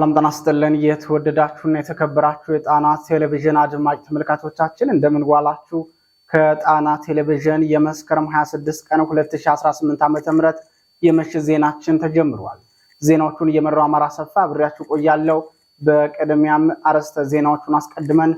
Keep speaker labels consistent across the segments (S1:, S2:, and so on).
S1: ሰላም ጤና ይስጥልን። የተወደዳችሁና የተከበራችሁ የጣና ቴሌቪዥን አድማጭ ተመልካቾቻችን እንደምን ዋላችሁ? ከጣና ቴሌቪዥን የመስከረም 26 ቀን 2018 ዓ.ም የምሽት ዜናችን ተጀምሯል። ዜናዎቹን እየመራው አማራ ሰፋ አብሬያችሁ ቆያለሁ። በቅድሚያም አርዕስተ ዜናዎቹን አስቀድመን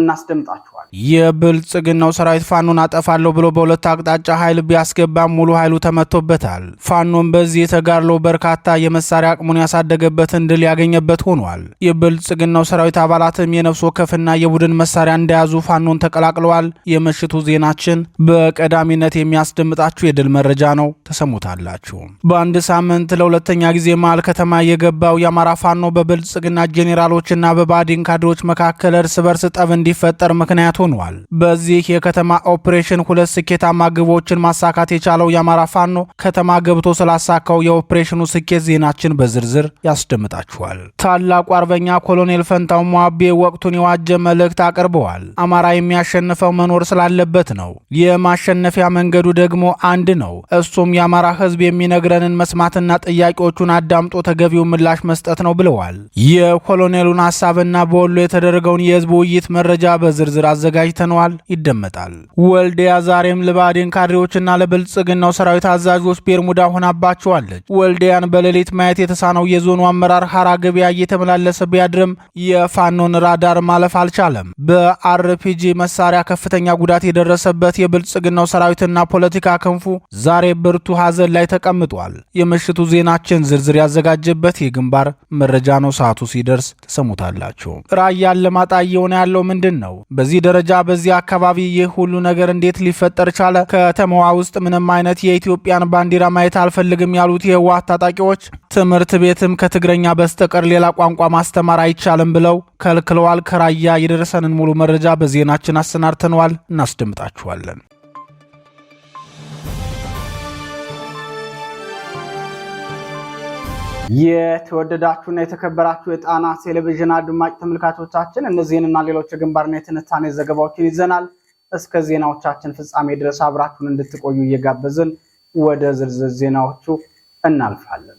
S1: እናስደምጣችኋል።
S2: የብልጽግናው ሰራዊት ፋኖን አጠፋለሁ ብሎ በሁለት አቅጣጫ ኃይል ቢያስገባም ሙሉ ኃይሉ ተመቶበታል። ፋኖን በዚህ የተጋድሎ በርካታ የመሳሪያ አቅሙን ያሳደገበትን ድል ያገኘበት ሆኗል። የብልጽግናው ሰራዊት አባላትም የነፍስ ወከፍና የቡድን መሳሪያ እንደያዙ ፋኖን ተቀላቅለዋል። የምሽቱ ዜናችን በቀዳሚነት የሚያስደምጣችሁ የድል መረጃ ነው። ተሰሙታላችሁ። በአንድ ሳምንት ለሁለተኛ ጊዜ መሀል ከተማ የገባው የአማራ ፋኖ በብልጽግና ጄኔራሎችና በባዲን ካድሮች መካከል እርስ በርስ ጠብን እንዲፈጠር ምክንያት ሆኗል። በዚህ የከተማ ኦፕሬሽን ሁለት ስኬታማ ግቦችን ማሳካት የቻለው የአማራ ፋኖ ከተማ ገብቶ ስላሳካው የኦፕሬሽኑ ስኬት ዜናችን በዝርዝር ያስደምጣችኋል። ታላቁ አርበኛ ኮሎኔል ፈንታው ሟቤ ወቅቱን የዋጀ መልእክት አቅርበዋል። አማራ የሚያሸንፈው መኖር ስላለበት ነው። የማሸነፊያ መንገዱ ደግሞ አንድ ነው። እሱም የአማራ ህዝብ የሚነግረንን መስማትና ጥያቄዎቹን አዳምጦ ተገቢው ምላሽ መስጠት ነው ብለዋል። የኮሎኔሉን ሀሳብና በወሎ የተደረገውን የህዝብ ውይይት መረ መረጃ በዝርዝር አዘጋጅተነዋል፣ ይደመጣል። ወልዲያ ዛሬም ለብአዴን ካድሬዎችና ለብልጽግናው ሰራዊት አዛዦች ቤርሙዳ ሆናባቸዋለች። ወልዲያን በሌሊት ማየት የተሳነው የዞኑ አመራር ሐራ ገበያ እየተመላለሰ ቢያድርም የፋኖን ራዳር ማለፍ አልቻለም። በአርፒጂ መሳሪያ ከፍተኛ ጉዳት የደረሰበት የብልጽግናው ሰራዊትና ፖለቲካ ክንፉ ዛሬ ብርቱ ሀዘን ላይ ተቀምጧል። የምሽቱ ዜናችን ዝርዝር ያዘጋጀበት የግንባር መረጃ ነው። ሰዓቱ ሲደርስ ተሰሙታላቸው። ራያን ለማጣ እየሆነ ያለው ምን ምንድን ነው? በዚህ ደረጃ በዚህ አካባቢ ይህ ሁሉ ነገር እንዴት ሊፈጠር ቻለ? ከተማዋ ውስጥ ምንም አይነት የኢትዮጵያን ባንዲራ ማየት አልፈልግም ያሉት የህወሓት ታጣቂዎች ትምህርት ቤትም ከትግረኛ በስተቀር ሌላ ቋንቋ ማስተማር አይቻልም ብለው ከልክለዋል። ከራያ የደረሰንን ሙሉ መረጃ በዜናችን አሰናድተነዋል፣ እናስደምጣችኋለን።
S1: የተወደዳችሁና የተከበራችሁ የጣና ቴሌቪዥን አድማጭ ተመልካቾቻችን እነዚህንና ሌሎች የግንባርና የትንታኔ ዘገባዎችን ይዘናል። እስከ ዜናዎቻችን ፍጻሜ ድረስ አብራችሁን እንድትቆዩ እየጋበዝን ወደ ዝርዝር ዜናዎቹ እናልፋለን።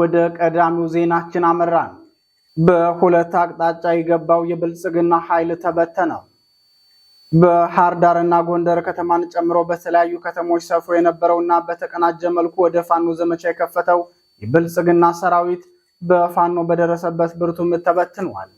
S1: ወደ ቀዳሚው ዜናችን አመራን። በሁለት አቅጣጫ የገባው የብልጽግና ኃይል ተበተነው። በባህር እና ጎንደር ከተማን ጨምሮ በተለያዩ ከተሞች ሰፍሮ እና በተቀናጀ መልኩ ወደ ፋኖ ዘመቻ የከፈተው የብልጽግና ሰራዊት በፋኖ በደረሰበት ብርቱ ምት ተበትኗል።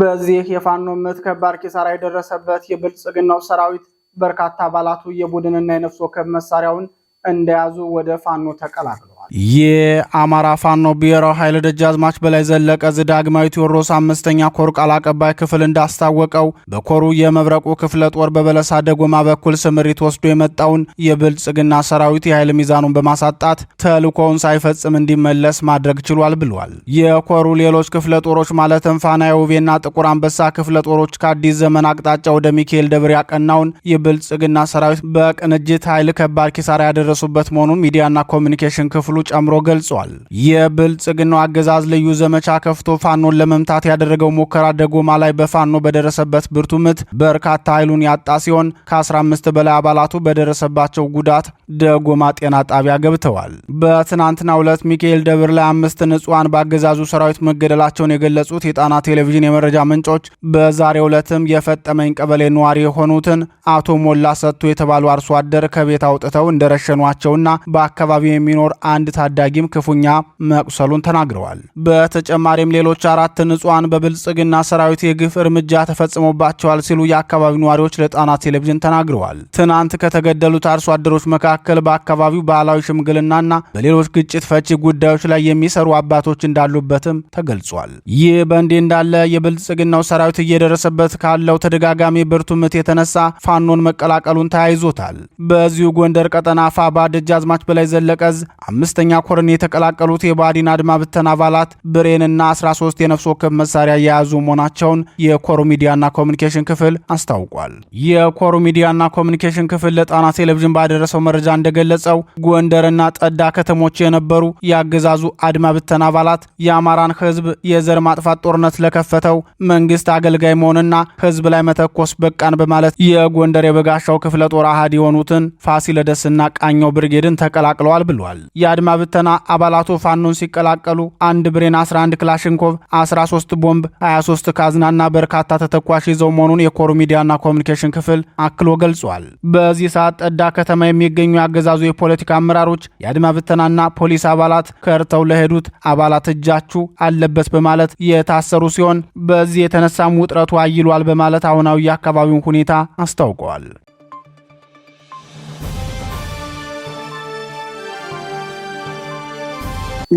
S1: በዚህ የፋኖ ምት ከባድ ኪሳራ የደረሰበት የብልጽግናው ሰራዊት በርካታ አባላቱ የቡድንና የነፍስ ወከፍ መሳሪያውን እንደያዙ ወደ ፋኖ ተቀላቅሏል።
S2: የአማራ ፋኖ ብሔራዊ ኃይል ደጃዝማች በላይ ዘለቀ ዕዝ ዳግማዊ ቴዎድሮስ አምስተኛ ኮር ቃል አቀባይ ክፍል እንዳስታወቀው በኮሩ የመብረቁ ክፍለ ጦር በበለሳ ደጎማ በኩል ስምሪት ወስዶ የመጣውን የብልጽግና ሰራዊት የኃይል ሚዛኑን በማሳጣት ተልኮውን ሳይፈጽም እንዲመለስ ማድረግ ችሏል ብሏል። የኮሩ ሌሎች ክፍለ ጦሮች ማለትም ፋና የውቤና ጥቁር አንበሳ ክፍለ ጦሮች ከአዲስ ዘመን አቅጣጫ ወደ ሚካኤል ደብር ያቀናውን የብልጽግና ሰራዊት በቅንጅት ኃይል ከባድ ኪሳራ ያደረሱበት መሆኑን ሚዲያና ኮሚኒኬሽን ክፍሉ ጨምሮ ገልጿል። የብልጽግናው አገዛዝ ልዩ ዘመቻ ከፍቶ ፋኖን ለመምታት ያደረገው ሙከራ ደጎማ ላይ በፋኖ በደረሰበት ብርቱ ምት በርካታ ኃይሉን ያጣ ሲሆን ከ15 በላይ አባላቱ በደረሰባቸው ጉዳት ደጎማ ጤና ጣቢያ ገብተዋል። በትናንትና ሁለት ሚካኤል ደብር ላይ አምስት ንጹሐን በአገዛዙ ሰራዊት መገደላቸውን የገለጹት የጣና ቴሌቪዥን የመረጃ ምንጮች በዛሬው ዕለትም የፈጠመኝ ቀበሌ ነዋሪ የሆኑትን አቶ ሞላ ሰጥቶ የተባሉ አርሶ አደር ከቤት አውጥተው እንደረሸኗቸውና በአካባቢው የሚኖር አንድ አንድ ታዳጊም ክፉኛ መቁሰሉን ተናግረዋል። በተጨማሪም ሌሎች አራት ንጹሐን በብልጽግና ሰራዊት የግፍ እርምጃ ተፈጽሞባቸዋል ሲሉ የአካባቢው ነዋሪዎች ለጣና ቴሌቪዥን ተናግረዋል። ትናንት ከተገደሉት አርሶ አደሮች መካከል በአካባቢው ባህላዊ ሽምግልናና በሌሎች ግጭት ፈቺ ጉዳዮች ላይ የሚሰሩ አባቶች እንዳሉበትም ተገልጿል። ይህ በእንዲህ እንዳለ የብልጽግናው ሰራዊት እየደረሰበት ካለው ተደጋጋሚ ብርቱ ምት የተነሳ ፋኖን መቀላቀሉን ተያይዞታል። በዚሁ ጎንደር ቀጠና ፋባ ደጃዝማች በላይ ዘለቀዝ አምስት አምስተኛ ኮርን የተቀላቀሉት የባዲን አድማ ብተን አባላት ብሬንና 13 የነፍስ ወከፍ መሳሪያ የያዙ መሆናቸውን የኮሩ ሚዲያና ኮሚኒኬሽን ክፍል አስታውቋል። የኮሩ ሚዲያና ኮሚኒኬሽን ክፍል ለጣና ቴሌቪዥን ባደረሰው መረጃ እንደገለጸው ጎንደርና ጠዳ ከተሞች የነበሩ የአገዛዙ አድማ ብተን አባላት የአማራን ህዝብ የዘር ማጥፋት ጦርነት ለከፈተው መንግስት አገልጋይ መሆንና ህዝብ ላይ መተኮስ በቃን በማለት የጎንደር የበጋሻው ክፍለ ጦር አሃድ የሆኑትን ፋሲለደስና ቃኘው ብርጌድን ተቀላቅለዋል ብሏል። የአድማ ብተና አባላቱ ፋኖን ሲቀላቀሉ አንድ ብሬን፣ 11 ክላሽንኮቭ፣ 13 ቦምብ፣ 23 ካዝናና በርካታ ተተኳሽ ይዘው መሆኑን የኮሩ ሚዲያና ኮሚኒኬሽን ክፍል አክሎ ገልጿል። በዚህ ሰዓት ጠዳ ከተማ የሚገኙ ያገዛዙ የፖለቲካ አመራሮች የአድማ ብተናና ፖሊስ አባላት ከርተው ለሄዱት አባላት እጃችሁ አለበት በማለት የታሰሩ ሲሆን በዚህ የተነሳም ውጥረቱ አይሏል በማለት አሁናዊ የአካባቢውን ሁኔታ አስታውቀዋል።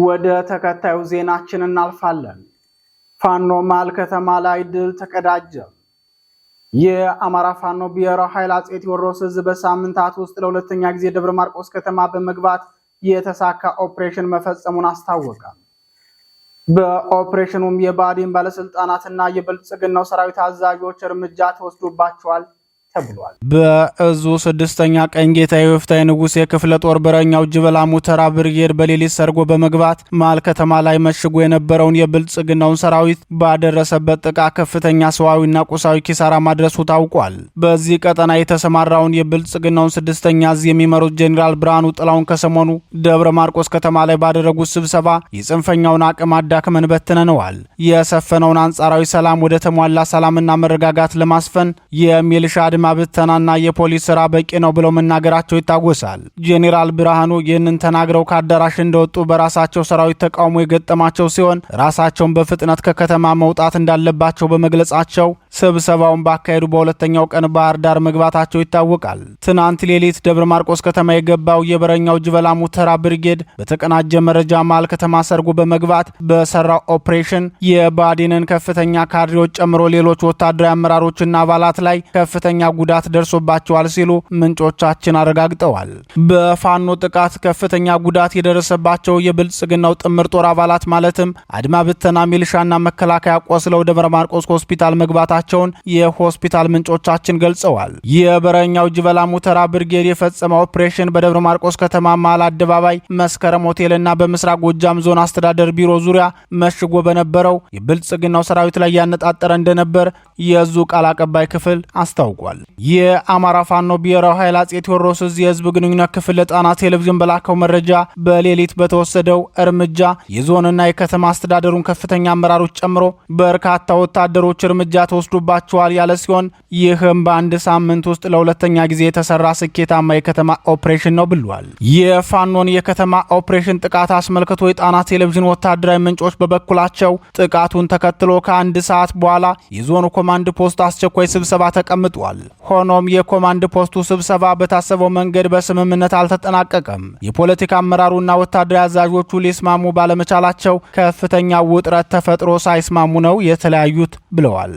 S1: ወደ ተከታዩ ዜናችን እናልፋለን። ፋኖ ማል ከተማ ላይ ድል ተቀዳጀ። የአማራ ፋኖ ብሔራዊ ኃይል አጼ ቴዎድሮስ እዝ በሳምንታት ውስጥ ለሁለተኛ ጊዜ ደብረ ማርቆስ ከተማ በመግባት የተሳካ ኦፕሬሽን መፈጸሙን አስታወቀ። በኦፕሬሽኑም የባዲን ባለስልጣናትና የብልጽግናው ሰራዊት አዛዦች እርምጃ ተወስዶባቸዋል ተብሏል።
S2: በእዙ ስድስተኛ ቀኝ ጌታ የወፍታዊ ንጉሥ የክፍለ ጦር በረኛው ጅበላ ሙተራ ብርጌድ በሌሊት ሰርጎ በመግባት መሃል ከተማ ላይ መሽጎ የነበረውን የብልጽግናውን ሰራዊት ባደረሰበት ጥቃ ከፍተኛ ሰዋዊና ቁሳዊ ኪሳራ ማድረሱ ታውቋል። በዚህ ቀጠና የተሰማራውን የብልጽግናውን ስድስተኛ እዝ የሚመሩት ጄኔራል ብርሃኑ ጥላውን ከሰሞኑ ደብረ ማርቆስ ከተማ ላይ ባደረጉት ስብሰባ የጽንፈኛውን አቅም አዳክመን በትነነዋል። የሰፈነውን አንጻራዊ ሰላም ወደ ተሟላ ሰላምና መረጋጋት ለማስፈን የሚልሻ አድማ ብተናና የፖሊስ ስራ በቂ ነው ብለው መናገራቸው ይታወሳል። ጄኔራል ብርሃኑ ይህንን ተናግረው ከአዳራሽ እንደወጡ በራሳቸው ሰራዊት ተቃውሞ የገጠማቸው ሲሆን ራሳቸውን በፍጥነት ከከተማ መውጣት እንዳለባቸው በመግለጻቸው ስብሰባውን ባካሄዱ በሁለተኛው ቀን ባህር ዳር መግባታቸው ይታወቃል። ትናንት ሌሊት ደብረ ማርቆስ ከተማ የገባው የበረኛው ጅበላ ሙተራ ብርጌድ በተቀናጀ መረጃ መሃል ከተማ ሰርጎ በመግባት በሰራው ኦፕሬሽን የባዴንን ከፍተኛ ካድሬዎች ጨምሮ ሌሎች ወታደራዊ አመራሮችና አባላት ላይ ከፍተኛ ጉዳት ደርሶባቸዋል ሲሉ ምንጮቻችን አረጋግጠዋል። በፋኖ ጥቃት ከፍተኛ ጉዳት የደረሰባቸው የብልጽግናው ጥምር ጦር አባላት ማለትም አድማ ብተና፣ ሚልሻና መከላከያ ቆስለው ደብረ ማርቆስ ሆስፒታል መግባታቸው መሆናቸውን የሆስፒታል ምንጮቻችን ገልጸዋል። የበረኛው ጅበላ ሙተራ ብርጌድ የፈጸመ ኦፕሬሽን በደብረ ማርቆስ ከተማ መሃል አደባባይ፣ መስከረም ሆቴልና በምስራቅ ጎጃም ዞን አስተዳደር ቢሮ ዙሪያ መሽጎ በነበረው የብልጽግናው ሰራዊት ላይ ያነጣጠረ እንደነበር የዙ ቃል አቀባይ ክፍል አስታውቋል። የአማራ ፋኖ ብሔራዊ ኃይል አጼ ቴዎድሮስ እዝ የህዝብ ግንኙነት ክፍል ለጣና ቴሌቪዥን በላከው መረጃ በሌሊት በተወሰደው እርምጃ የዞንና የከተማ አስተዳደሩን ከፍተኛ አመራሮች ጨምሮ በርካታ ወታደሮች እርምጃ ተወስዶ ወስዶባቸዋል ያለ ሲሆን ይህም በአንድ ሳምንት ውስጥ ለሁለተኛ ጊዜ የተሰራ ስኬታማ የከተማ ኦፕሬሽን ነው ብሏል። የፋኖን የከተማ ኦፕሬሽን ጥቃት አስመልክቶ የጣና ቴሌቪዥን ወታደራዊ ምንጮች በበኩላቸው ጥቃቱን ተከትሎ ከአንድ ሰዓት በኋላ የዞኑ ኮማንድ ፖስት አስቸኳይ ስብሰባ ተቀምጧል። ሆኖም የኮማንድ ፖስቱ ስብሰባ በታሰበው መንገድ በስምምነት አልተጠናቀቀም። የፖለቲካ አመራሩና ወታደራዊ አዛዦቹ ሊስማሙ ባለመቻላቸው ከፍተኛ ውጥረት ተፈጥሮ ሳይስማሙ ነው የተለያዩት ብለዋል።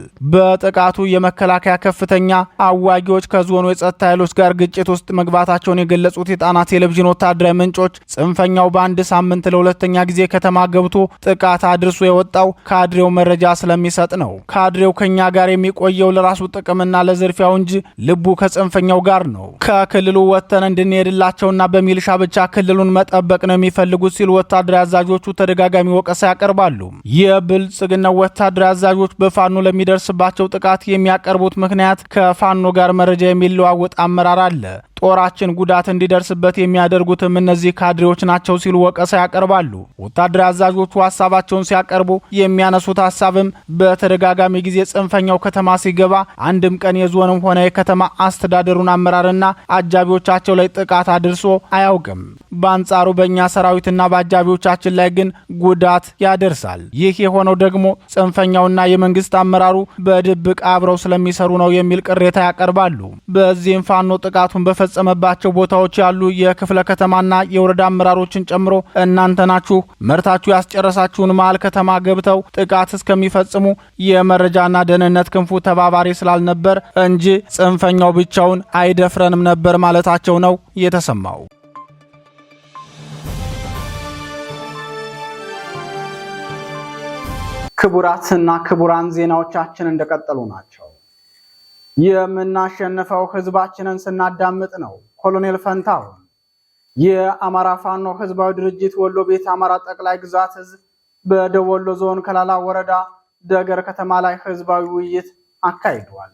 S2: በጥቃቱ የመከላከያ ከፍተኛ አዋጊዎች ከዞኑ የጸጥታ ኃይሎች ጋር ግጭት ውስጥ መግባታቸውን የገለጹት የጣና ቴሌቪዥን ወታደራዊ ምንጮች ጽንፈኛው በአንድ ሳምንት ለሁለተኛ ጊዜ ከተማ ገብቶ ጥቃት አድርሶ የወጣው ካድሬው መረጃ ስለሚሰጥ ነው። ካድሬው ከኛ ጋር የሚቆየው ለራሱ ጥቅምና ለዝርፊያው እንጂ ልቡ ከጽንፈኛው ጋር ነው። ከክልሉ ወጥተን እንድንሄድላቸውና በሚልሻ ብቻ ክልሉን መጠበቅ ነው የሚፈልጉት ሲሉ ወታደራዊ አዛዦቹ ተደጋጋሚ ወቀሳ ያቀርባሉ። የብልጽግና ወታደራዊ አዛዦች በፋኖ ለሚደርስባቸው ጥቃት የሚያቀርቡት ምክንያት ከፋኖ ጋር መረጃ የሚለዋወጥ አመራር አለ። ጦራችን ጉዳት እንዲደርስበት የሚያደርጉትም እነዚህ ካድሬዎች ናቸው ሲሉ ወቀሳ ያቀርባሉ። ወታደራዊ አዛዦቹ ሀሳባቸውን ሲያቀርቡ የሚያነሱት ሀሳብም በተደጋጋሚ ጊዜ ጽንፈኛው ከተማ ሲገባ አንድም ቀን የዞንም ሆነ የከተማ አስተዳደሩን አመራርና አጃቢዎቻቸው ላይ ጥቃት አድርሶ አያውቅም። በአንጻሩ በእኛ ሰራዊትና በአጃቢዎቻችን ላይ ግን ጉዳት ያደርሳል። ይህ የሆነው ደግሞ ጽንፈኛውና የመንግስት አመራሩ በድብቅ አብረው ስለሚሰሩ ነው የሚል ቅሬታ ያቀርባሉ። በዚህም ፋኖ ጥቃቱን በፈ በተፈጸመባቸው ቦታዎች ያሉ የክፍለ ከተማና የወረዳ አመራሮችን ጨምሮ እናንተ ናችሁ መርታችሁ ያስጨረሳችሁን መሀል ከተማ ገብተው ጥቃት እስከሚፈጽሙ የመረጃና ደህንነት ክንፉ ተባባሪ ስላልነበር እንጂ ጽንፈኛው ብቻውን አይደፍረንም ነበር ማለታቸው ነው የተሰማው።
S1: ክቡራትና ክቡራን ዜናዎቻችን እንደቀጠሉ ናቸው። የምናሸንፈው ህዝባችንን ስናዳምጥ ነው። ኮሎኔል ፈንታው የአማራ ፋኖ ህዝባዊ ድርጅት ወሎ ቤት አማራ ጠቅላይ ግዛት ህዝብ በደቡብ ወሎ ዞን ከላላ ወረዳ ደገር ከተማ ላይ ህዝባዊ ውይይት አካሂዷል።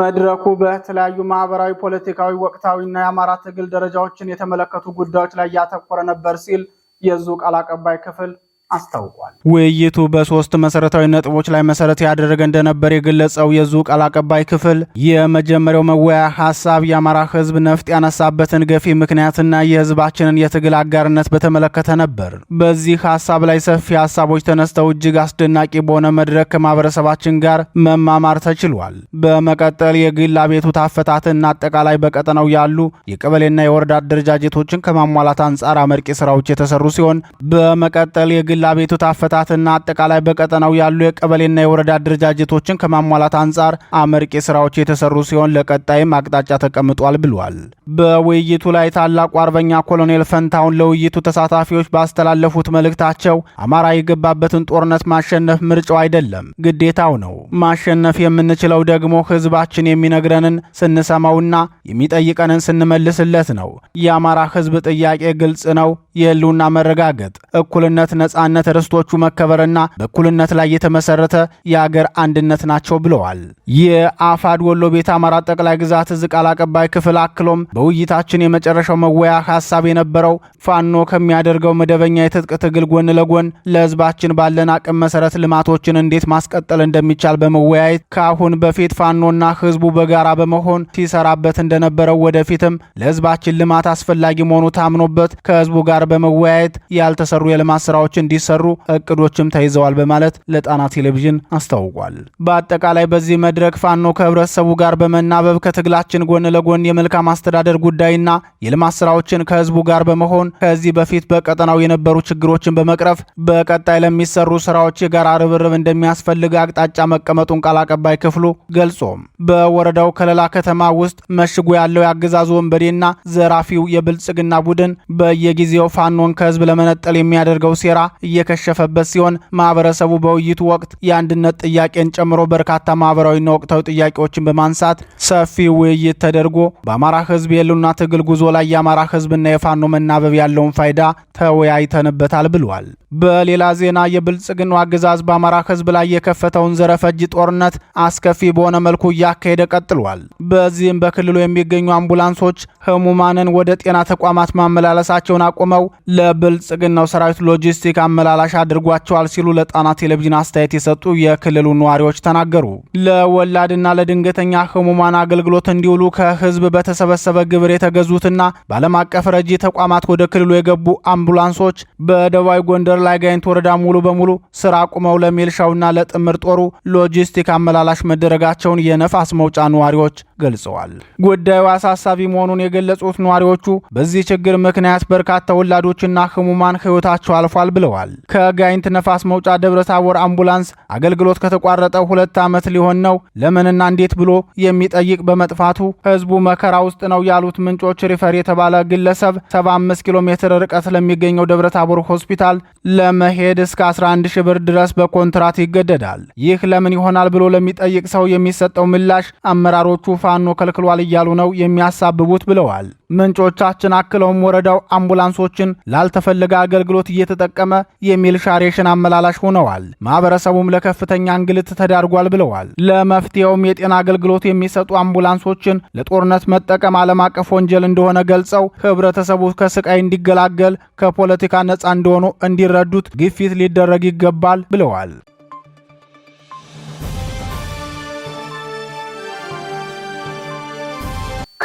S1: መድረኩ በተለያዩ ማህበራዊ፣ ፖለቲካዊ፣ ወቅታዊና የአማራ ትግል ደረጃዎችን የተመለከቱ ጉዳዮች ላይ ያተኮረ ነበር ሲል የዙ ቃል አቀባይ ክፍል አስታውቋል።
S2: ውይይቱ በሶስት መሰረታዊ ነጥቦች ላይ መሰረት ያደረገ እንደነበር የገለጸው የዙ ቃል አቀባይ ክፍል የመጀመሪያው መወያ ሀሳብ የአማራ ህዝብ ነፍጥ ያነሳበትን ገፊ ምክንያትና የህዝባችንን የትግል አጋርነት በተመለከተ ነበር። በዚህ ሀሳብ ላይ ሰፊ ሀሳቦች ተነስተው እጅግ አስደናቂ በሆነ መድረክ ከማህበረሰባችን ጋር መማማር ተችሏል። በመቀጠል የግል አቤቱታ አፈታትና አጠቃላይ በቀጠናው ያሉ የቀበሌና የወረዳ አደረጃጀቶችን ከማሟላት አንጻር አመርቂ ስራዎች የተሰሩ ሲሆን በመቀጠል የግል ለአቤቱታ አፈታትና አጠቃላይ በቀጠናው ያሉ የቀበሌና የወረዳ አደረጃጀቶችን ከማሟላት አንጻር አመርቂ ስራዎች የተሰሩ ሲሆን ለቀጣይም አቅጣጫ ተቀምጧል ብሏል። በውይይቱ ላይ ታላቁ አርበኛ ኮሎኔል ፈንታውን ለውይይቱ ተሳታፊዎች ባስተላለፉት መልእክታቸው አማራ የገባበትን ጦርነት ማሸነፍ ምርጫው አይደለም፣ ግዴታው ነው። ማሸነፍ የምንችለው ደግሞ ህዝባችን የሚነግረንን ስንሰማውና የሚጠይቀንን ስንመልስለት ነው። የአማራ ህዝብ ጥያቄ ግልጽ ነው። የህልውና መረጋገጥ፣ እኩልነት፣ ነጻ ነጻነት ርስቶቹ መከበርና በእኩልነት ላይ የተመሰረተ የአገር አንድነት ናቸው ብለዋል። የአፋድ ወሎ ቤት አማራ ጠቅላይ ግዛት እዝ ቃል አቀባይ ክፍል አክሎም በውይይታችን የመጨረሻው መወያ ሀሳብ የነበረው ፋኖ ከሚያደርገው መደበኛ የትጥቅ ትግል ጎን ለጎን ለህዝባችን ባለን አቅም መሰረት ልማቶችን እንዴት ማስቀጠል እንደሚቻል በመወያየት ከአሁን በፊት ፋኖና ህዝቡ በጋራ በመሆን ሲሰራበት እንደነበረው ወደፊትም ለህዝባችን ልማት አስፈላጊ መሆኑ ታምኖበት ከህዝቡ ጋር በመወያየት ያልተሰሩ የልማት ስራዎች እንዲ እንዲሰሩ እቅዶችም ተይዘዋል በማለት ለጣና ቴሌቪዥን አስታውቋል። በአጠቃላይ በዚህ መድረክ ፋኖ ከህብረተሰቡ ጋር በመናበብ ከትግላችን ጎን ለጎን የመልካም አስተዳደር ጉዳይና የልማት ስራዎችን ከህዝቡ ጋር በመሆን ከዚህ በፊት በቀጠናው የነበሩ ችግሮችን በመቅረፍ በቀጣይ ለሚሰሩ ስራዎች የጋራ ርብርብ እንደሚያስፈልግ አቅጣጫ መቀመጡን ቃል አቀባይ ክፍሉ ገልጾም በወረዳው ከለላ ከተማ ውስጥ መሽጎ ያለው የአገዛዙ ወንበዴና ዘራፊው የብልጽግና ቡድን በየጊዜው ፋኖን ከህዝብ ለመነጠል የሚያደርገው ሴራ እየከሸፈበት ሲሆን ማህበረሰቡ በውይይቱ ወቅት የአንድነት ጥያቄን ጨምሮ በርካታ ማህበራዊና ወቅታዊ ጥያቄዎችን በማንሳት ሰፊ ውይይት ተደርጎ በአማራ ህዝብ የህልውና ትግል ጉዞ ላይ የአማራ ህዝብና የፋኖ መናበብ ያለውን ፋይዳ ተወያይተንበታል ብሏል በሌላ ዜና የብልጽግናው አገዛዝ በአማራ ህዝብ ላይ የከፈተውን ዘረፈጅ ጦርነት አስከፊ በሆነ መልኩ እያካሄደ ቀጥሏል። በዚህም በክልሉ የሚገኙ አምቡላንሶች ህሙማንን ወደ ጤና ተቋማት ማመላለሳቸውን አቁመው ለብልጽግናው ሰራዊት ሎጂስቲክ አመላላሽ አድርጓቸዋል ሲሉ ለጣና ቴሌቪዥን አስተያየት የሰጡ የክልሉ ነዋሪዎች ተናገሩ። ለወላድና ለድንገተኛ ህሙማን አገልግሎት እንዲውሉ ከህዝብ በተሰበሰበ ግብር የተገዙትና በዓለም አቀፍ ረጂ ተቋማት ወደ ክልሉ የገቡ አምቡላንሶች በደባዊ ጎንደር ላይ ጋይንት ወረዳ ሙሉ በሙሉ ስራ አቁመው ለሚልሻውና ለጥምር ጦሩ ሎጂስቲክ አመላላሽ መደረጋቸውን የነፋስ መውጫ ነዋሪዎች ገልጸዋል። ጉዳዩ አሳሳቢ መሆኑን የገለጹት ነዋሪዎቹ በዚህ ችግር ምክንያት በርካታ ወላዶችና ህሙማን ህይወታቸው አልፏል ብለዋል። ተናግረዋል። ከጋይንት ነፋስ መውጫ ደብረ ታቦር አምቡላንስ አገልግሎት ከተቋረጠ ሁለት ዓመት ሊሆን ነው። ለምንና እንዴት ብሎ የሚጠይቅ በመጥፋቱ ህዝቡ መከራ ውስጥ ነው ያሉት ምንጮች ሪፈር የተባለ ግለሰብ 75 ኪሎ ሜትር ርቀት ለሚገኘው ደብረ ታቦር ሆስፒታል ለመሄድ እስከ 11 ሺህ ብር ድረስ በኮንትራት ይገደዳል። ይህ ለምን ይሆናል ብሎ ለሚጠይቅ ሰው የሚሰጠው ምላሽ አመራሮቹ ፋኖ ከልክሏል እያሉ ነው የሚያሳብቡት ብለዋል። ምንጮቻችን አክለውም ወረዳው አምቡላንሶችን ላልተፈለገ አገልግሎት እየተጠቀመ የሚልሻ ሬሽን አመላላሽ ሆነዋል፣ ማህበረሰቡም ለከፍተኛ እንግልት ተዳርጓል ብለዋል። ለመፍትሄውም የጤና አገልግሎት የሚሰጡ አምቡላንሶችን ለጦርነት መጠቀም ዓለም አቀፍ ወንጀል እንደሆነ ገልጸው ህብረተሰቡ ከስቃይ እንዲገላገል ከፖለቲካ ነፃ እንደሆኑ እንዲረዱት ግፊት ሊደረግ ይገባል ብለዋል።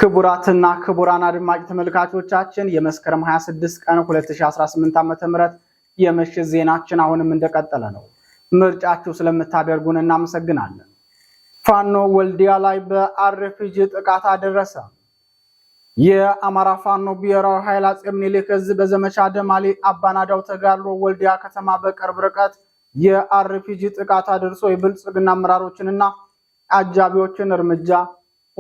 S1: ክቡራትና ክቡራን አድማጭ ተመልካቾቻችን የመስከረም 26 ቀን 2018 ዓ.ም የምሽት ዜናችን አሁንም እንደቀጠለ ነው። ምርጫችሁ ስለምታደርጉን እናመሰግናለን። ፋኖ ወልዲያ ላይ በአርፒጂ ጥቃት አደረሰ። የአማራ ፋኖ ብሔራዊ ኃይል አፄ ምኒልክ እዝ በዘመቻ ደማሊ አባናዳው ተጋድሎ ወልዲያ ከተማ በቅርብ ርቀት የአርፒጂ ጥቃት አድርሶ የብልጽግና አመራሮችንና አጃቢዎችን እርምጃ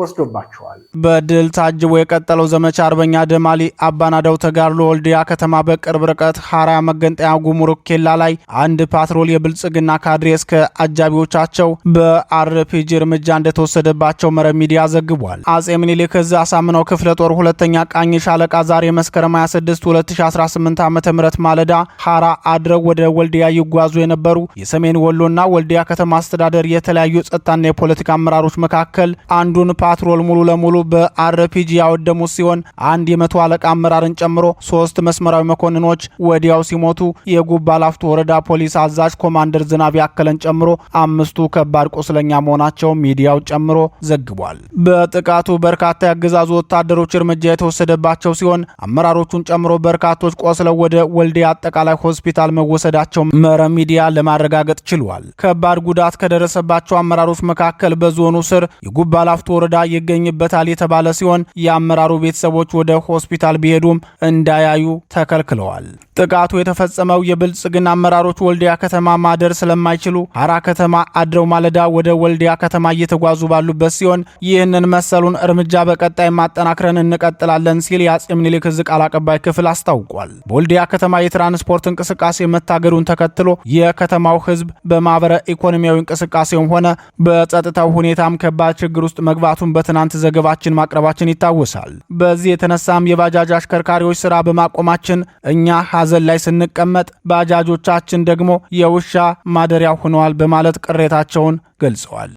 S1: ወስዶባቸዋል።
S2: በድል ታጅቦ የቀጠለው ዘመቻ አርበኛ ደማሊ አባናዳው ተጋድሎ ወልዲያ ከተማ በቅርብ ርቀት ሀራ መገንጠያ ጉሙሩክ ኬላ ላይ አንድ ፓትሮል የብልጽግና ካድሬ እስከ አጃቢዎቻቸው በአርፒጂ እርምጃ እንደተወሰደባቸው መረብ ሚዲያ ዘግቧል። አጼ ምኒልክ እዝ አሳምነው ክፍለ ጦር ሁለተኛ ቃኝ ሻለቃ ዛሬ መስከረም 26 2018 ዓ ም ማለዳ ሀራ አድረው ወደ ወልዲያ ይጓዙ የነበሩ የሰሜን ወሎና ወልዲያ ከተማ አስተዳደር የተለያዩ ጸጥታና የፖለቲካ አመራሮች መካከል አንዱን ፓትሮል ሙሉ ለሙሉ በአርፒጂ ያወደሙት ሲሆን አንድ የመቶ አለቃ አመራርን ጨምሮ ሶስት መስመራዊ መኮንኖች ወዲያው ሲሞቱ የጉባ ላፍቶ ወረዳ ፖሊስ አዛዥ ኮማንደር ዝናብ ያከለን ጨምሮ አምስቱ ከባድ ቁስለኛ መሆናቸው ሚዲያው ጨምሮ ዘግቧል። በጥቃቱ በርካታ ያገዛዙ ወታደሮች እርምጃ የተወሰደባቸው ሲሆን አመራሮቹን ጨምሮ በርካቶች ቆስለው ወደ ወልዲያ አጠቃላይ ሆስፒታል መወሰዳቸው መረብ ሚዲያ ለማረጋገጥ ችሏል። ከባድ ጉዳት ከደረሰባቸው አመራሮች መካከል በዞኑ ስር የጉባ ላፍቶ ወረዳ ወረዳ ይገኝበታል የተባለ ሲሆን የአመራሩ ቤተሰቦች ወደ ሆስፒታል ቢሄዱም እንዳያዩ ተከልክለዋል። ጥቃቱ የተፈጸመው የብልጽግና አመራሮች ወልዲያ ከተማ ማደር ስለማይችሉ አራ ከተማ አድረው ማለዳ ወደ ወልዲያ ከተማ እየተጓዙ ባሉበት ሲሆን ይህንን መሰሉን እርምጃ በቀጣይ ማጠናክረን እንቀጥላለን ሲል የአጼ ምኒልክ እዝ ቃል አቀባይ ክፍል አስታውቋል። በወልዲያ ከተማ የትራንስፖርት እንቅስቃሴ መታገዱን ተከትሎ የከተማው ሕዝብ በማህበረ ኢኮኖሚያዊ እንቅስቃሴውም ሆነ በጸጥታው ሁኔታም ከባድ ችግር ውስጥ መግባቱ መውጣቱን በትናንት ዘገባችን ማቅረባችን ይታወሳል። በዚህ የተነሳም የባጃጅ አሽከርካሪዎች ስራ በማቆማችን እኛ ሀዘን ላይ ስንቀመጥ፣ ባጃጆቻችን ደግሞ የውሻ ማደሪያ ሆነዋል በማለት ቅሬታቸውን ገልጸዋል።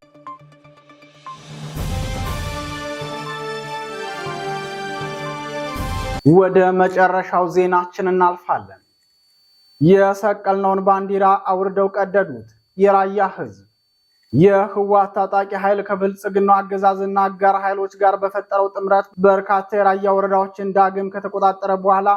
S1: ወደ መጨረሻው ዜናችን እናልፋለን። የሰቀልነውን ባንዲራ አውርደው ቀደዱት። የራያ ህዝብ የህወሓት ታጣቂ ኃይል ከብልጽግናው አገዛዝና አጋር ኃይሎች ጋር በፈጠረው ጥምረት በርካታ የራያ ወረዳዎችን ዳግም ከተቆጣጠረ በኋላ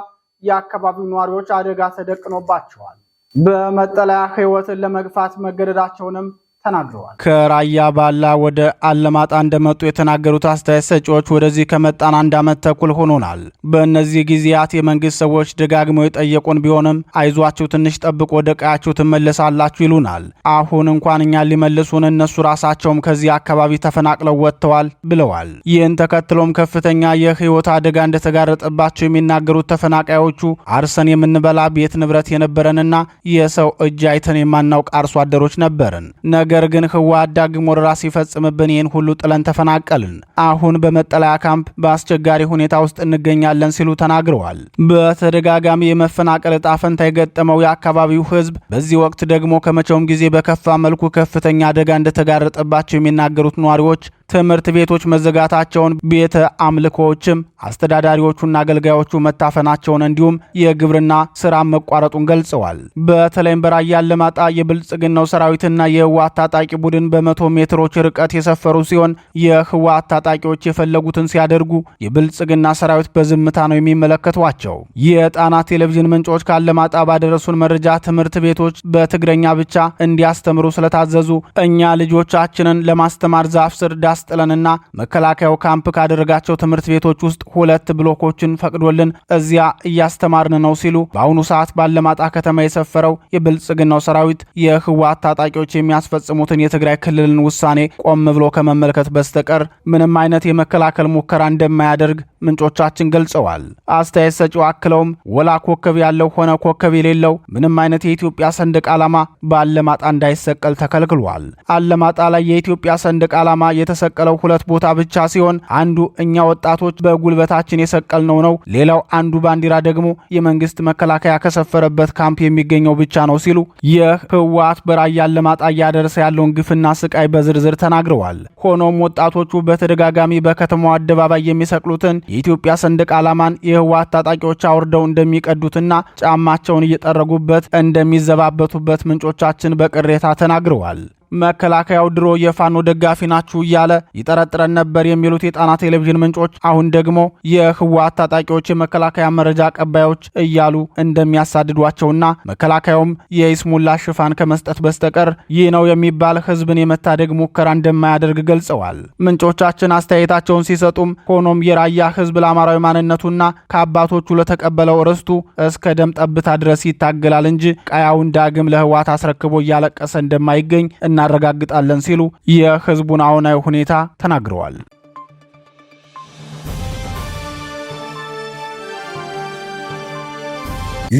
S1: የአካባቢው ነዋሪዎች አደጋ ተደቅኖባቸዋል። በመጠለያ ህይወትን ለመግፋት መገደዳቸውንም ተናግረዋል።
S2: ከራያ ባላ ወደ አለማጣ እንደመጡ የተናገሩት አስተያየት ሰጪዎች ወደዚህ ከመጣን አንድ ዓመት ተኩል ሆኖናል። በእነዚህ ጊዜያት የመንግስት ሰዎች ደጋግመው የጠየቁን ቢሆንም አይዟችሁ፣ ትንሽ ጠብቆ ወደ ቀያችሁ ትመለሳላችሁ ይሉናል። አሁን እንኳን እኛ ሊመልሱን እነሱ ራሳቸውም ከዚህ አካባቢ ተፈናቅለው ወጥተዋል ብለዋል። ይህን ተከትሎም ከፍተኛ የህይወት አደጋ እንደተጋረጠባቸው የሚናገሩት ተፈናቃዮቹ አርሰን የምንበላ ቤት ንብረት የነበረንና የሰው እጅ አይተን የማናውቅ አርሶ አደሮች ነበርን። ነገር ግን ህወሓት ዳግም ወረራ ሲፈጽምብን ይህን ሁሉ ጥለን ተፈናቀልን። አሁን በመጠለያ ካምፕ በአስቸጋሪ ሁኔታ ውስጥ እንገኛለን ሲሉ ተናግረዋል። በተደጋጋሚ የመፈናቀል እጣ ፈንታ የገጠመው የአካባቢው ህዝብ በዚህ ወቅት ደግሞ ከመቼውም ጊዜ በከፋ መልኩ ከፍተኛ አደጋ እንደተጋረጠባቸው የሚናገሩት ነዋሪዎች ትምህርት ቤቶች መዘጋታቸውን፣ ቤተ አምልኮዎችም አስተዳዳሪዎቹና አገልጋዮቹ መታፈናቸውን እንዲሁም የግብርና ስራ መቋረጡን ገልጸዋል። በተለይም በራያ አላማጣ የብልጽግናው ሰራዊትና የህወሓት ታጣቂ ቡድን በመቶ ሜትሮች ርቀት የሰፈሩ ሲሆን የህወሓት ታጣቂዎች የፈለጉትን ሲያደርጉ የብልጽግና ሰራዊት በዝምታ ነው የሚመለከቷቸው። የጣና ቴሌቪዥን ምንጮች ካለማጣ ባደረሱን መረጃ ትምህርት ቤቶች በትግረኛ ብቻ እንዲያስተምሩ ስለታዘዙ እኛ ልጆቻችንን ለማስተማር ዛፍ ስር ዳስ አስጥለንና መከላከያው ካምፕ ካደረጋቸው ትምህርት ቤቶች ውስጥ ሁለት ብሎኮችን ፈቅዶልን እዚያ እያስተማርን ነው ሲሉ በአሁኑ ሰዓት ባለማጣ ከተማ የሰፈረው የብልጽግናው ሰራዊት የህወሓት ታጣቂዎች የሚያስፈጽሙትን የትግራይ ክልልን ውሳኔ ቆም ብሎ ከመመልከት በስተቀር ምንም አይነት የመከላከል ሙከራ እንደማያደርግ ምንጮቻችን ገልጸዋል። አስተያየት ሰጪው አክለውም ወላ ኮከብ ያለው ሆነ ኮከብ የሌለው ምንም አይነት የኢትዮጵያ ሰንደቅ ዓላማ በአለማጣ እንዳይሰቀል ተከልክሏል። አለማጣ ላይ የኢትዮጵያ ሰንደቅ ዓላማ የተሰ የተሰቀለው ሁለት ቦታ ብቻ ሲሆን አንዱ እኛ ወጣቶች በጉልበታችን የሰቀልነው ነው፣ ሌላው አንዱ ባንዲራ ደግሞ የመንግስት መከላከያ ከሰፈረበት ካምፕ የሚገኘው ብቻ ነው ሲሉ የህወሓት በራያን ለማጣያ እያደረሰ ያለውን ግፍና ስቃይ በዝርዝር ተናግረዋል። ሆኖም ወጣቶቹ በተደጋጋሚ በከተማው አደባባይ የሚሰቅሉትን የኢትዮጵያ ሰንደቅ ዓላማን የህወሓት ታጣቂዎች አውርደው እንደሚቀዱትና ጫማቸውን እየጠረጉበት እንደሚዘባበቱበት ምንጮቻችን በቅሬታ ተናግረዋል። መከላከያው ድሮ የፋኖ ደጋፊ ናችሁ እያለ ይጠረጥረን ነበር የሚሉት የጣና ቴሌቪዥን ምንጮች አሁን ደግሞ የህወሓት ታጣቂዎች የመከላከያ መረጃ አቀባዮች እያሉ እንደሚያሳድዷቸውና መከላከያውም የይስሙላ ሽፋን ከመስጠት በስተቀር ይህ ነው የሚባል ህዝብን የመታደግ ሙከራ እንደማያደርግ ገልጸዋል። ምንጮቻችን አስተያየታቸውን ሲሰጡም ሆኖም የራያ ህዝብ ለአማራዊ ማንነቱና ከአባቶቹ ለተቀበለው ርስቱ እስከ ደም ጠብታ ድረስ ይታገላል እንጂ ቀያውን ዳግም ለህወሓት አስረክቦ እያለቀሰ እንደማይገኝ እና እናረጋግጣለን ሲሉ የህዝቡን አሁናዊ ሁኔታ ተናግረዋል።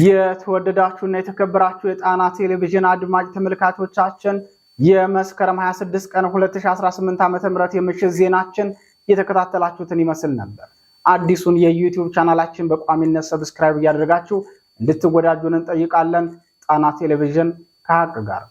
S1: የተወደዳችሁና የተከበራችሁ የጣና ቴሌቪዥን አድማጭ ተመልካቾቻችን የመስከረም 26 ቀን 2018 ዓ.ም የምሽት ዜናችን የተከታተላችሁትን ይመስል ነበር። አዲሱን የዩቲዩብ ቻናላችን በቋሚነት ሰብስክራይብ እያደረጋችሁ እንድትወዳጁን እንጠይቃለን። ጣና ቴሌቪዥን ከሀቅ ጋር